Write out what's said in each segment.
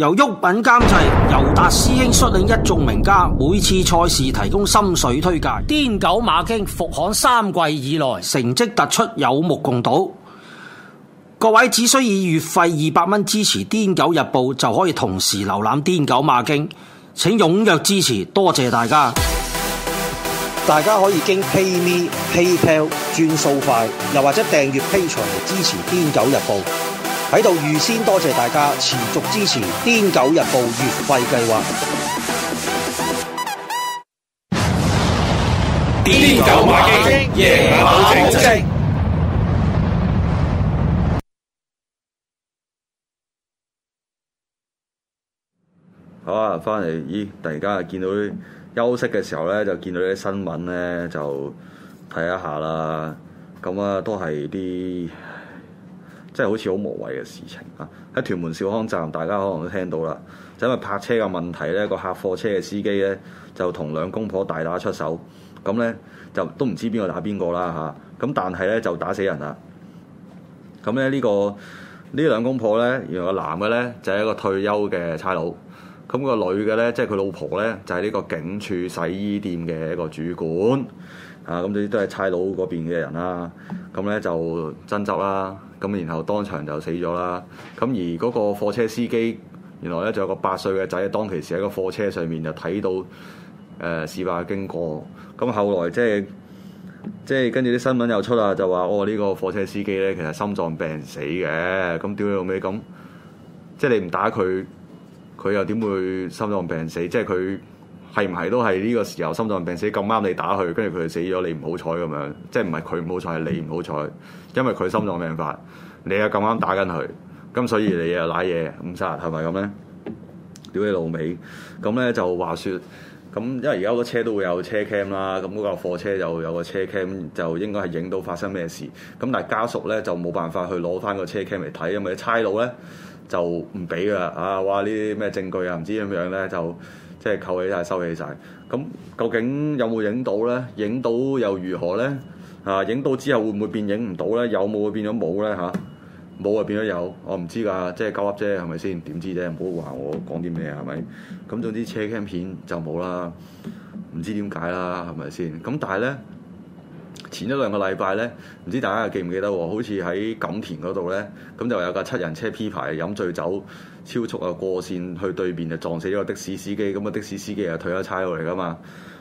由郁品監製，尤達師兄率領一眾名家，每次賽事提供心水推介。癲狗馬經復刊三季以來，成績突出，有目共睹。各位只需以月費二百蚊支持癲狗日報，就可以同時瀏覽癲狗馬經，請踴躍支持，多謝大家。大家可以經 PayMe PayPal 轉數快，又或者訂閱 Patreon 支持癲狗日報。喺度預先多謝大家持續支持《癲狗日報月費計劃》。癲狗馬經，夜馬正正。好啊，翻嚟咦？突然間見到休息嘅時候咧，就見到啲新聞咧，就睇一下啦。咁啊，都係啲。即係好似好無謂嘅事情啊！喺屯門兆康站，大家可能都聽到啦，就因為泊車嘅問題咧，個客貨車嘅司機咧就同兩公婆大打出手咁咧，就都唔知邊個打邊個啦嚇。咁但係咧就打死人啦。咁咧呢個呢兩公婆咧，原來個男嘅咧就係一個退休嘅差佬，咁個女嘅咧即係佢老婆咧就係呢個警署洗衣店嘅一個主管啊。咁啲都係差佬嗰邊嘅人啦。咁咧就爭執啦。咁然後當場就死咗啦。咁而嗰個貨車司機，原來咧仲有個八歲嘅仔，當其時喺個貨車上面就睇到誒、呃、事發嘅經過。咁、嗯、後來即係即係跟住啲新聞又出啦，就話哦呢、這個貨車司機咧其實心臟病死嘅。咁屌你老尾咁，即係你唔打佢，佢又點會心臟病死？即係佢。，係唔係都係呢個時候心臟病死，咁啱你打佢，跟住佢死咗你唔好彩咁樣，即係唔係佢唔好彩係你唔好彩，因為佢心臟病發，你又咁啱打緊佢，咁所以你又賴嘢誤殺係咪咁咧？屌你老味！咁咧就話説，咁因為而家個車都會有車 cam 啦，咁嗰架貨車就有個車 cam，就應該係影到發生咩事。咁但係家屬咧就冇辦法去攞翻個車 cam 嚟睇，因為差佬咧就唔俾噶啦。啊，哇呢啲咩證據啊，唔知咁樣咧就～即係扣起晒，收起晒，咁究竟有冇影到呢？影到又如何呢？嚇、啊，影到之後會唔會變影唔到呢？有冇會變咗冇呢？嚇、啊，冇就變咗有，我唔知㗎，即係鳩噏啫，係咪先？點知啫？唔好話我講啲咩啊，係咪？咁總之車 cam 片就冇啦，唔知點解啦，係咪先？咁但係呢。前一兩個禮拜咧，唔知大家記唔記得？好似喺錦田嗰度咧，咁就有架七人車 P 牌飲醉酒超速啊，過線去對面就撞死咗個的士司機。咁啊，的士司機又退咗差佬嚟噶嘛？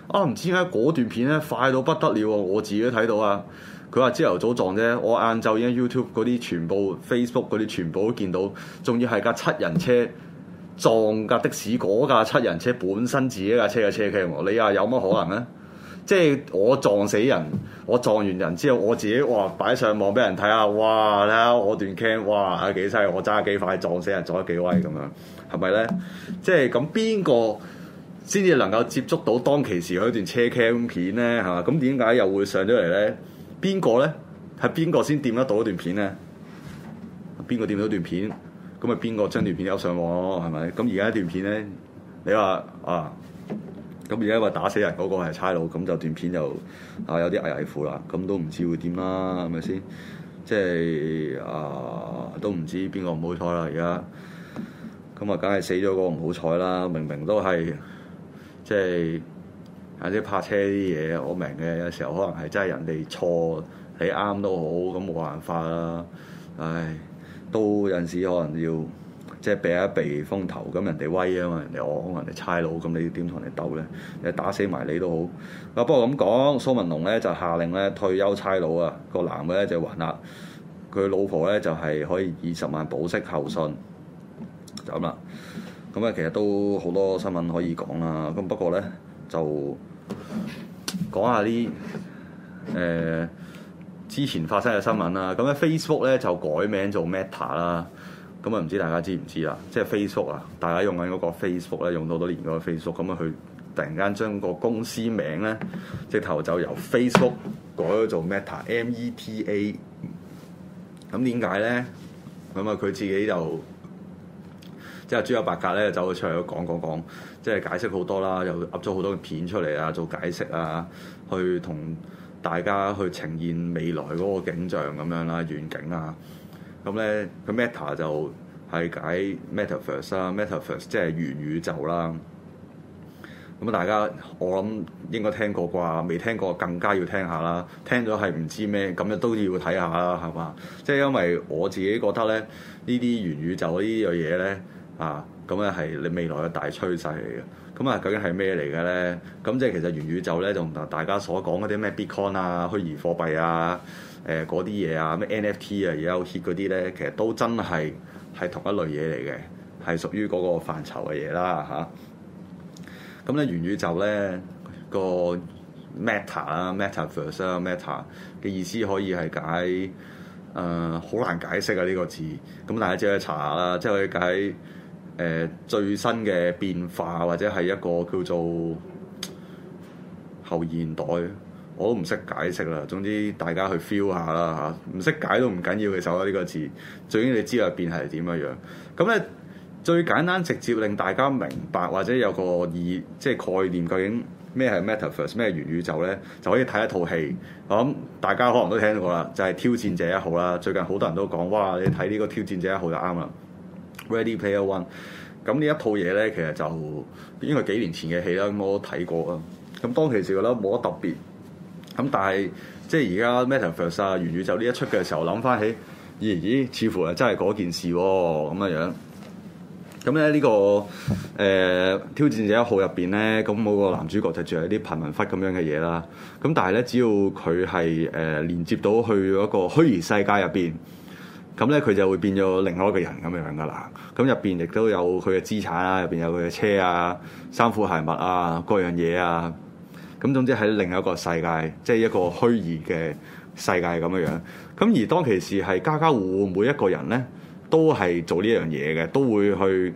啊，唔知點解嗰段片咧快到不得了，我自己都睇到啊！佢話朝頭早撞啫，我晏晝已經 YouTube 嗰啲全部、Facebook 嗰啲全部都見到，仲要係架七人車撞架的士，嗰架七人車本身自己架車嘅車鏡，你話有乜可能咧？即係我撞死人，我撞完人之後，我自己哇擺上網俾人睇下，哇睇下我段 cam，哇幾犀利，我揸幾快撞死人，撞得幾威咁樣，係咪咧？即係咁邊個先至能夠接觸到當其時佢段車 cam 片咧？係嘛？咁點解又會上咗嚟咧？邊個咧，係邊個先掂得到段片咧？邊個掂到段片，咁咪邊個將段片有上網囉，係咪？咁而家段片咧，你話啊？咁而家話打死人嗰個係差佬，咁就斷片就啊有啲危危乎啦，咁都唔知會點啦，係咪先？即係啊，都唔知邊個唔好彩啦，而家咁啊，梗係死咗個唔好彩啦！明明都係即係或者泊車啲嘢，我明嘅，有時候可能係真係人哋錯你啱都好，咁冇辦法啦。唉，都有時可能要～即係避一避風頭，咁人哋威啊嘛，人哋我可能係差佬，咁你點同人哋鬥咧？你打死埋你都好。啊，不過咁講，蘇文龍咧就下令咧退休差佬啊，個男嘅咧就還啦，佢老婆咧就係可以二十萬保釋候訊。就咁啦。咁啊，其實都好多新聞可以講啦。咁不過咧就講下啲誒、呃、之前發生嘅新聞啦。咁咧 Facebook 咧就改名做 Meta 啦。咁啊，唔知大家知唔知啦？即係 Facebook 啊，大家用緊嗰個 Facebook 咧，用到多年嗰個 Facebook，咁啊，佢突然間將個公司名咧，直頭就由 Facebook 改咗做 Meta，M-E-T-A。咁點解咧？咁啊，佢自己就即係朱克伯格咧，走咗出嚟講講講，即係解釋好多啦，又噏咗好多片出嚟啊，做解釋啊，去同大家去呈現未來嗰個景象咁樣啦，遠景啊。咁咧，佢 Meta 就係解 Metaverse 啊，Metaverse 即係元宇宙啦。咁啊，大家我諗應該聽過啩，未聽過更加要聽下啦。聽咗係唔知咩，咁樣都要睇下啦，係嘛？即係因為我自己覺得咧，呢啲元宇宙呢樣嘢咧，啊，咁咧係你未來嘅大趨勢嚟嘅。咁啊，究竟係咩嚟嘅咧？咁即係其實元宇宙咧，就唔同大家所講嗰啲咩 Bitcoin 啊、虛擬貨幣啊。誒嗰啲嘢啊，咩 NFT 啊，而家好 hit 嗰啲咧，其實都真係，係同一類嘢嚟嘅，係屬於嗰個範疇嘅嘢啦吓，咁、啊、咧、嗯、元宇宙咧、個 meta 啦 metaverse 啊 meta 嘅意思可以係解誒好、呃、難解釋啊呢、呢個字。咁大家即係查下啦，即係解誒、呃、最新嘅變化，或者係一個叫做後現代。我都唔識解釋啦，總之大家去 feel 下啦嚇，唔、啊、識解都唔緊要嘅。時候呢個字，最緊你知入邊係點樣。咁咧最簡單直接令大家明白或者有個意即概念，究竟咩係 Metaverse 咩係元宇宙咧，就可以睇一套戲。我諗大家可能都聽到過啦，就係、是《挑戰者一號》啦。最近好多人都講哇，你睇呢個《挑戰者一號就》就啱啦，Ready Player One。咁呢一套嘢咧，其實就應該係幾年前嘅戲啦。我都睇過啊，咁當其時覺得冇乜特別。咁但係即係而家 Metaverse 啊，元宇宙呢一出嘅時候，諗翻起，咦咦，似乎係真係嗰件事喎、啊，咁嘅樣，樣。咁咧呢個誒、呃、挑戰者一號入邊咧，咁每個男主角就住喺啲貧民窟咁樣嘅嘢啦。咁但係咧，只要佢係誒連接到去一個虛擬世界入邊，咁咧佢就會變咗另外一個人咁樣噶啦。咁入邊亦都有佢嘅資產啊，入邊有佢嘅車啊、衫褲鞋襪啊、各樣嘢啊。咁總之喺另一個世界，即係一個虛擬嘅世界咁樣樣。咁而當其時係家家戶戶每一個人咧，都係做呢樣嘢嘅，都會去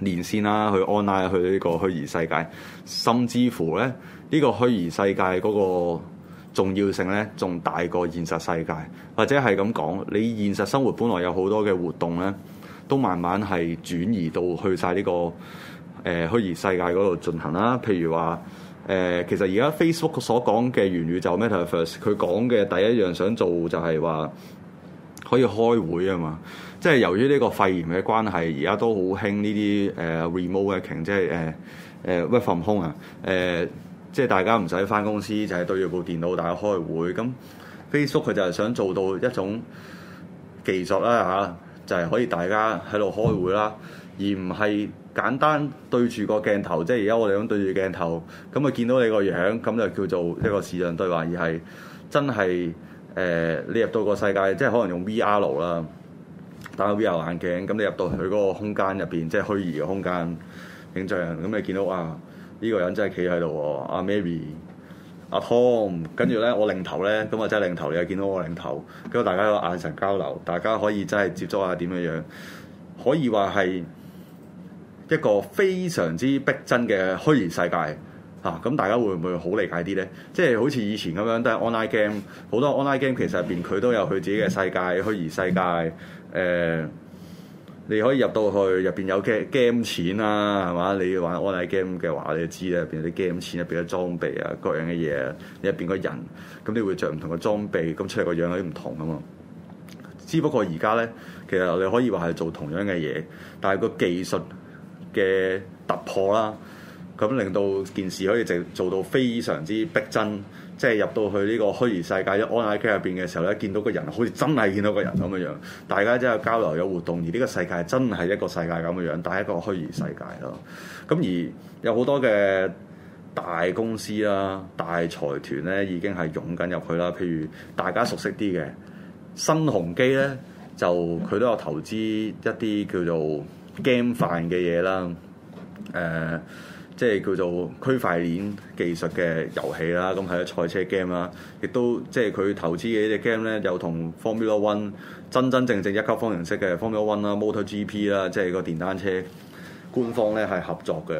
連線啦，去 online 去呢個虛擬世界。甚至乎咧，呢、這個虛擬世界嗰個重要性咧，仲大過現實世界。或者係咁講，你現實生活本來有好多嘅活動咧，都慢慢係轉移到去晒、這、呢個誒、呃、虛擬世界嗰度進行啦。譬如話。誒、呃，其實而家 Facebook 所講嘅元宇宙 Metaverse 佢講嘅第一樣想做就係話可以開會啊嘛！即係由於呢個肺炎嘅關係，而家都好興呢啲誒、呃、remote working，即係誒誒 work from home 啊！誒、呃呃呃，即係大家唔使返公司，就係、是、對住部電腦大家開會。咁 Facebook 佢就係想做到一種技術啦嚇，就係、是、可以大家喺度開會啦。嗯而唔係簡單對住個鏡頭，即係而家我哋咁對住鏡頭，咁啊見到你個樣，咁就叫做一個視像對話。而係真係誒、呃，你入到個世界，即係可能用 VR 啦，戴個 VR 眼鏡，咁你入到佢嗰個空間入邊，即係虛擬嘅空間影像，咁你見到啊，呢、這個人真係企喺度喎，阿、啊、Maybe、阿 Tom，跟住咧我擰頭咧，咁啊真係擰頭，你又見到我擰頭，跟住大家有眼神交流，大家可以真係接觸下點樣樣，可以話係。一個非常之逼真嘅虛擬世界嚇，咁、啊、大家會唔會好理解啲咧？即係好似以前咁樣，都係 online game 好多 online game。其實入邊佢都有佢自己嘅世界，虛擬世界誒、呃，你可以入到去入邊有 game game 錢啦、啊，係嘛？你要玩 online game 嘅話，你就知咧入邊啲 game 錢入邊啲裝備啊，各樣嘅嘢、啊，你入邊個人咁，你會着唔同嘅裝備，咁出嚟個樣有啲唔同㗎嘛，只不過而家咧，其實你可以話係做同樣嘅嘢，但係個技術。嘅突破啦，咁令到件事可以直做到非常之逼真，即係入到去呢個虛擬世界 On、安樂區入邊嘅時候咧，見到個人好似真係見到個人咁樣樣，大家真係有交流有活動，而呢個世界真係一個世界咁樣樣，但係一個虛擬世界咯。咁而有好多嘅大公司啦、大財團咧，已經係湧緊入去啦。譬如大家熟悉啲嘅新鴻基咧，就佢都有投資一啲叫做。game 飯嘅嘢啦，誒、呃，即係叫做區塊鏈技術嘅遊戲啦。咁係啊，賽車 game 啦，亦都即係佢投資嘅呢隻 game 咧，又同 Formula One 真真正正一級方程式嘅 Formula One 啦、MotoGP 啦，即係個電單車官方咧係合作嘅。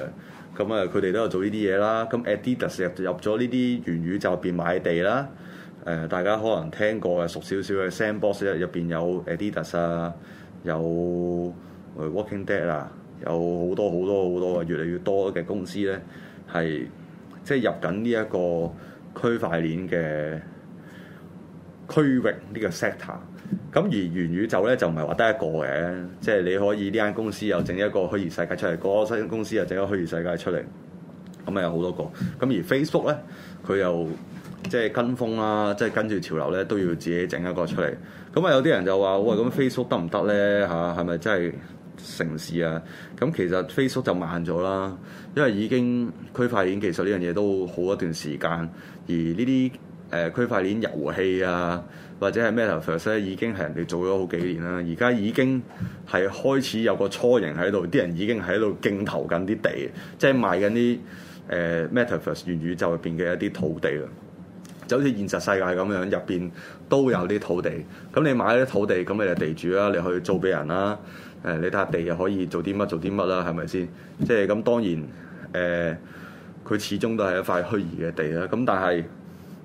咁啊，佢哋都有做呢啲嘢啦。咁 Adidas 入入咗呢啲元宇宙入邊買地啦。誒、呃，大家可能聽過嘅熟少少嘅，Sandbox 入入邊有 Adidas 啊，有。Working Dad e 啊，有好多好多好多嘅越嚟越多嘅公司咧，係即係入緊呢一個區塊鏈嘅區域呢、呢個 sector。咁而元宇宙咧就唔係話得一個嘅，即係你可以呢間公司又整一個虛擬世界出嚟，嗰個新公司又整個虛擬世界出嚟，咁啊有好多個。咁而 Facebook 咧，佢又即係跟風啦，即係跟住潮流咧都要自己整一個出嚟。咁啊有啲人就話：喂，咁 Facebook 得唔得咧？嚇係咪真係？城市啊，咁其實 Facebook 就慢咗啦，因為已經區塊鏈技術呢樣嘢都好一段時間。而呢啲誒區塊鏈遊戲啊，或者係 Metaverse、啊、已經係人哋做咗好幾年啦。而家已經係開始有個雛形喺度，啲人已經喺度競投緊啲地，即係賣緊啲誒、呃、Metaverse 元宇宙入邊嘅一啲土地啦。就好似現實世界咁樣，入邊都有啲土地。咁你買啲土地，咁你就地主啦，你去租俾人啦。誒，你笪地又可以做啲乜做啲乜啦，係咪先？即係咁當然，誒、呃，佢始終都係一塊虛擬嘅地啦。咁但係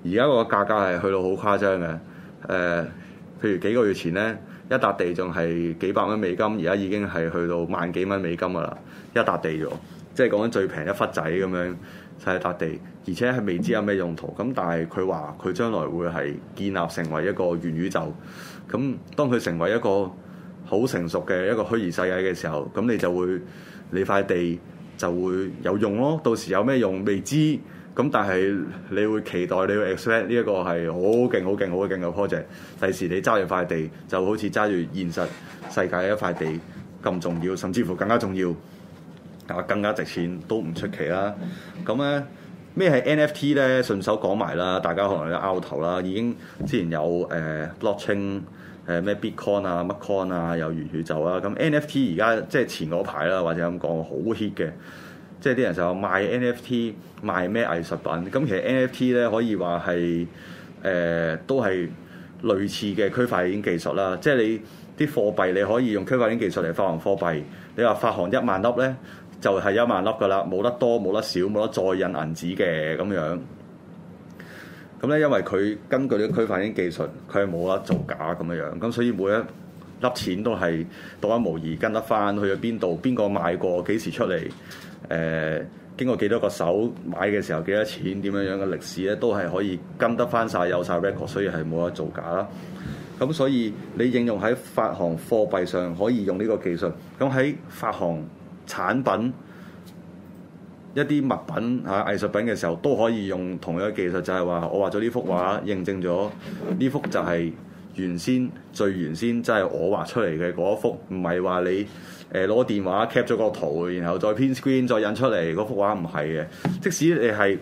而家個價格係去到好誇張嘅。誒、呃，譬如幾個月前咧，一笪地仲係幾百蚊美金，而家已經係去到萬幾蚊美金㗎啦，一笪地啫。即係講緊最平一忽仔咁樣就係笪地，而且係未知有咩用途。咁但係佢話佢將來會係建立成為一個元宇宙。咁當佢成為一個好成熟嘅一個虛擬世界嘅時候，咁你就會你塊地就會有用咯。到時有咩用未知，咁但係你會期待，你會 expect 呢一個係好勁、好勁、好勁嘅 project。第時你揸住塊地，就好似揸住現實世界一塊地咁重要，甚至乎更加重要，啊更加值錢都唔出奇啦。咁咧咩係 NFT 咧？順手講埋啦，大家可能拗頭啦，已經之前有誒、呃、Blockchain。誒咩 Bitcoin 啊，乜 Coin 啊，又元宇宙啊，咁 NFT 而家即係前嗰排啦，或者咁講好 hit 嘅，即係啲人就賣 NFT 賣咩藝術品，咁其實 NFT 咧可以話係誒都係類似嘅區塊鏈技術啦，即係你啲貨幣你可以用區塊鏈技術嚟發行貨幣，你話發行一萬粒咧就係一萬粒噶啦，冇得多，冇得少，冇得再印銀紙嘅咁樣。咁咧，因為佢根據呢個區塊鏈技術，佢係冇得造假咁樣樣，咁所以每一粒錢都係獨一無二，跟得翻去咗邊度，邊個買過，幾時出嚟，誒、呃，經過幾多個手買嘅時候，幾多錢，點樣樣嘅歷史咧，都係可以跟得翻晒。有晒 record，所以係冇得造假啦。咁所以你應用喺發行貨幣上可以用呢個技術，咁喺發行產品，一啲物品嚇藝術品嘅時候都可以用同樣嘅技術，就係、是、話我畫咗呢幅畫，認證咗呢幅就係原先最原先即係我畫出嚟嘅嗰一幅，唔係話你誒攞、呃、電話 cap 咗個圖，然後再編 screen 再印出嚟嗰幅畫唔係嘅。即使你係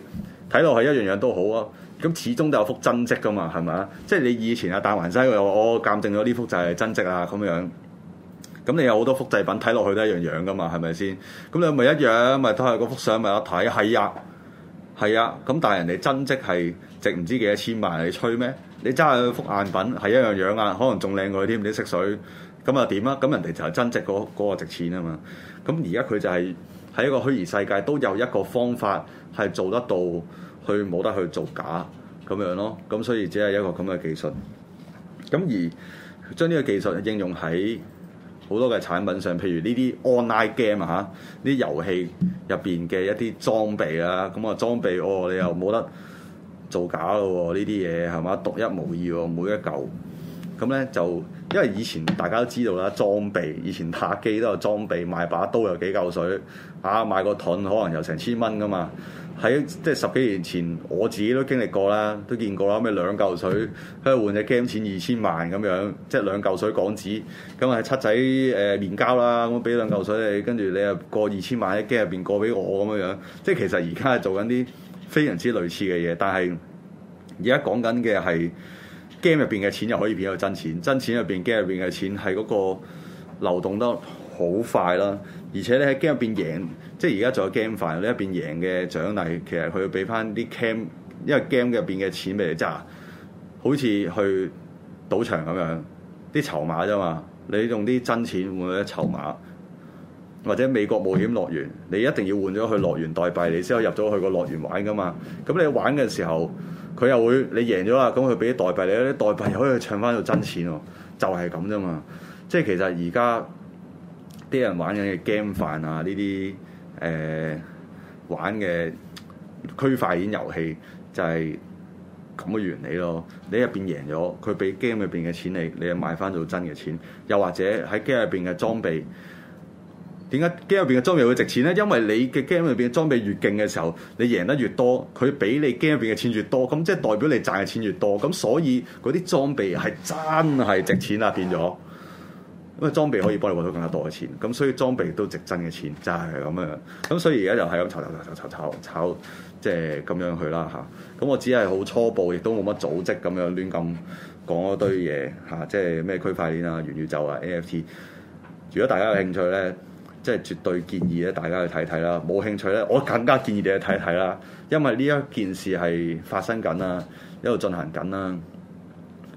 睇落係一樣樣都好啊，咁始終都有幅真跡㗎嘛，係咪啊？即係你以前阿大環西我鑑證咗呢幅就係真跡啊，咁樣。咁你有好多複製品睇落去都一樣樣噶嘛，係咪先？咁你咪一樣，咪都係下個幅相咪一睇，係啊，係啊。咁但係人哋真跡係值唔知幾多千萬你吹咩？你揸下佢幅贗品係一樣樣啊，可能仲靚過添啲色水。咁啊點啊？咁人哋就係真跡嗰個值錢啊嘛。咁而家佢就係喺一個虛擬世界，都有一個方法係做得到去冇得去做假咁樣咯。咁所以只係一個咁嘅技術。咁而將呢個技術應用喺好多嘅產品上，譬如呢啲 online game 啊，吓，呢啲遊戲入邊嘅一啲裝備啊，咁啊裝備，哦，你又冇得造假咯喎，呢啲嘢係嘛，獨一無二喎，每一嚿。咁咧就，因為以前大家都知道啦，裝備以前打機都有裝備，買把刀有幾嚿水，啊買個盾可能有成千蚊㗎嘛。喺即係十幾年前，我自己都經歷過啦，都見過啦，咩兩嚿水去換隻 game 錢二千萬咁樣，即係兩嚿水港紙。咁啊七仔誒、呃、面交啦，咁俾兩嚿水你，跟住你又過二千萬喺機入邊過俾我咁樣樣。即係其實而家係做緊啲非常之類似嘅嘢，但係而家講緊嘅係。game 入邊嘅錢又可以變到真錢，真錢入邊 game 入邊嘅錢係嗰個流動得好快啦，而且你喺 game 入邊贏，即係而家仲有 game 幣，你一邊贏嘅獎勵，其實佢要俾翻啲 cam，因為 game 入邊嘅錢俾你揸，好似去賭場咁樣，啲籌碼啫嘛，你用啲真錢換咗啲籌碼，或者美國冒險樂園，你一定要換咗去樂園代幣，你先可以入咗去個樂園玩噶嘛，咁你玩嘅時候。佢又會，你贏咗啦，咁佢俾啲代幣你，啲代幣又可以唱翻到真錢喎，就係咁啫嘛。即係其實而家啲人玩緊嘅 game 飯啊，呢啲誒玩嘅區塊鏈遊戲就係咁嘅原理咯。你入邊贏咗，佢俾 game 入邊嘅錢你，你又買翻到真嘅錢，又或者喺 game 入邊嘅裝備。點解 game 入邊嘅裝備會值錢咧？因為你嘅 game 入邊裝備越勁嘅時候，你贏得越多，佢俾你 game 入邊嘅錢越多，咁即係代表你賺嘅錢越多，咁所以嗰啲裝備係真係值錢啦，變咗。因為裝備可以幫你獲得更加多嘅錢，咁所以裝備都值真嘅錢，真係咁樣。咁所以而家就係咁炒炒炒炒炒炒，炒炒炒即係咁樣去啦嚇。咁、啊、我只係好初步，亦都冇乜組織咁樣亂咁講,講一堆嘢嚇、啊，即係咩區塊鏈啊、元宇宙啊、NFT。如果大家有興趣咧～即係絕對建議咧，大家去睇睇啦。冇興趣咧，我更加建議你去睇睇啦。因為呢一件事係發生緊啊，一路進行緊啊。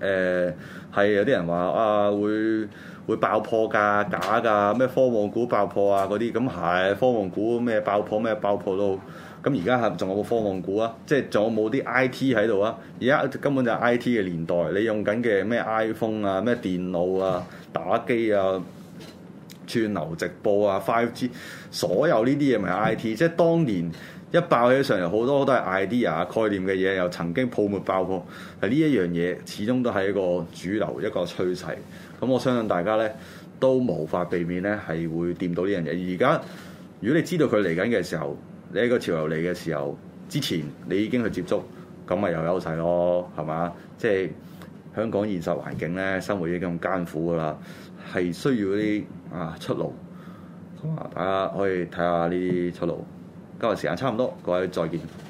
誒、呃，係有啲人話啊，會會爆破㗎，假㗎，咩科網股爆破啊，嗰啲咁係科網股咩爆破咩爆破都好。咁而家係仲有冇科網股啊？即係仲有冇啲 I T 喺度啊？而家根本就係 I T 嘅年代，你用緊嘅咩 iPhone 啊，咩電腦啊，打機啊。串流直播啊，5G，所有呢啲嘢咪 IT，即係當年一爆起上嚟，好多都係 idea 概念嘅嘢，又曾經泡沫爆破。係呢一樣嘢，始終都係一個主流一個趨勢。咁我相信大家咧，都無法避免咧，係會掂到呢樣嘢。而家如果你知道佢嚟緊嘅時候，你一個潮流嚟嘅時候之前，你已經去接觸，咁咪有優勢咯，係嘛？即係香港現實環境咧，生活已經咁艱苦噶啦，係需要啲。啊，出路，咁啊，大家可以睇下呢啲出路。今日時間差唔多，各位再見。